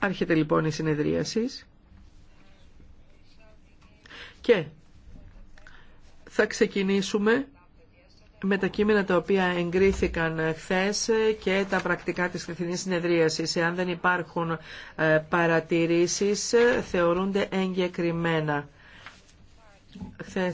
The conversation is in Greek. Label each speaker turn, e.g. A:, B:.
A: Άρχεται λοιπόν η συνεδρίαση και θα ξεκινήσουμε με τα κείμενα τα οποία εγκρίθηκαν χθε και τα πρακτικά της χθεσινής συνεδρίασης. Εάν δεν υπάρχουν ε, παρατηρήσεις, θεωρούνται εγκεκριμένα.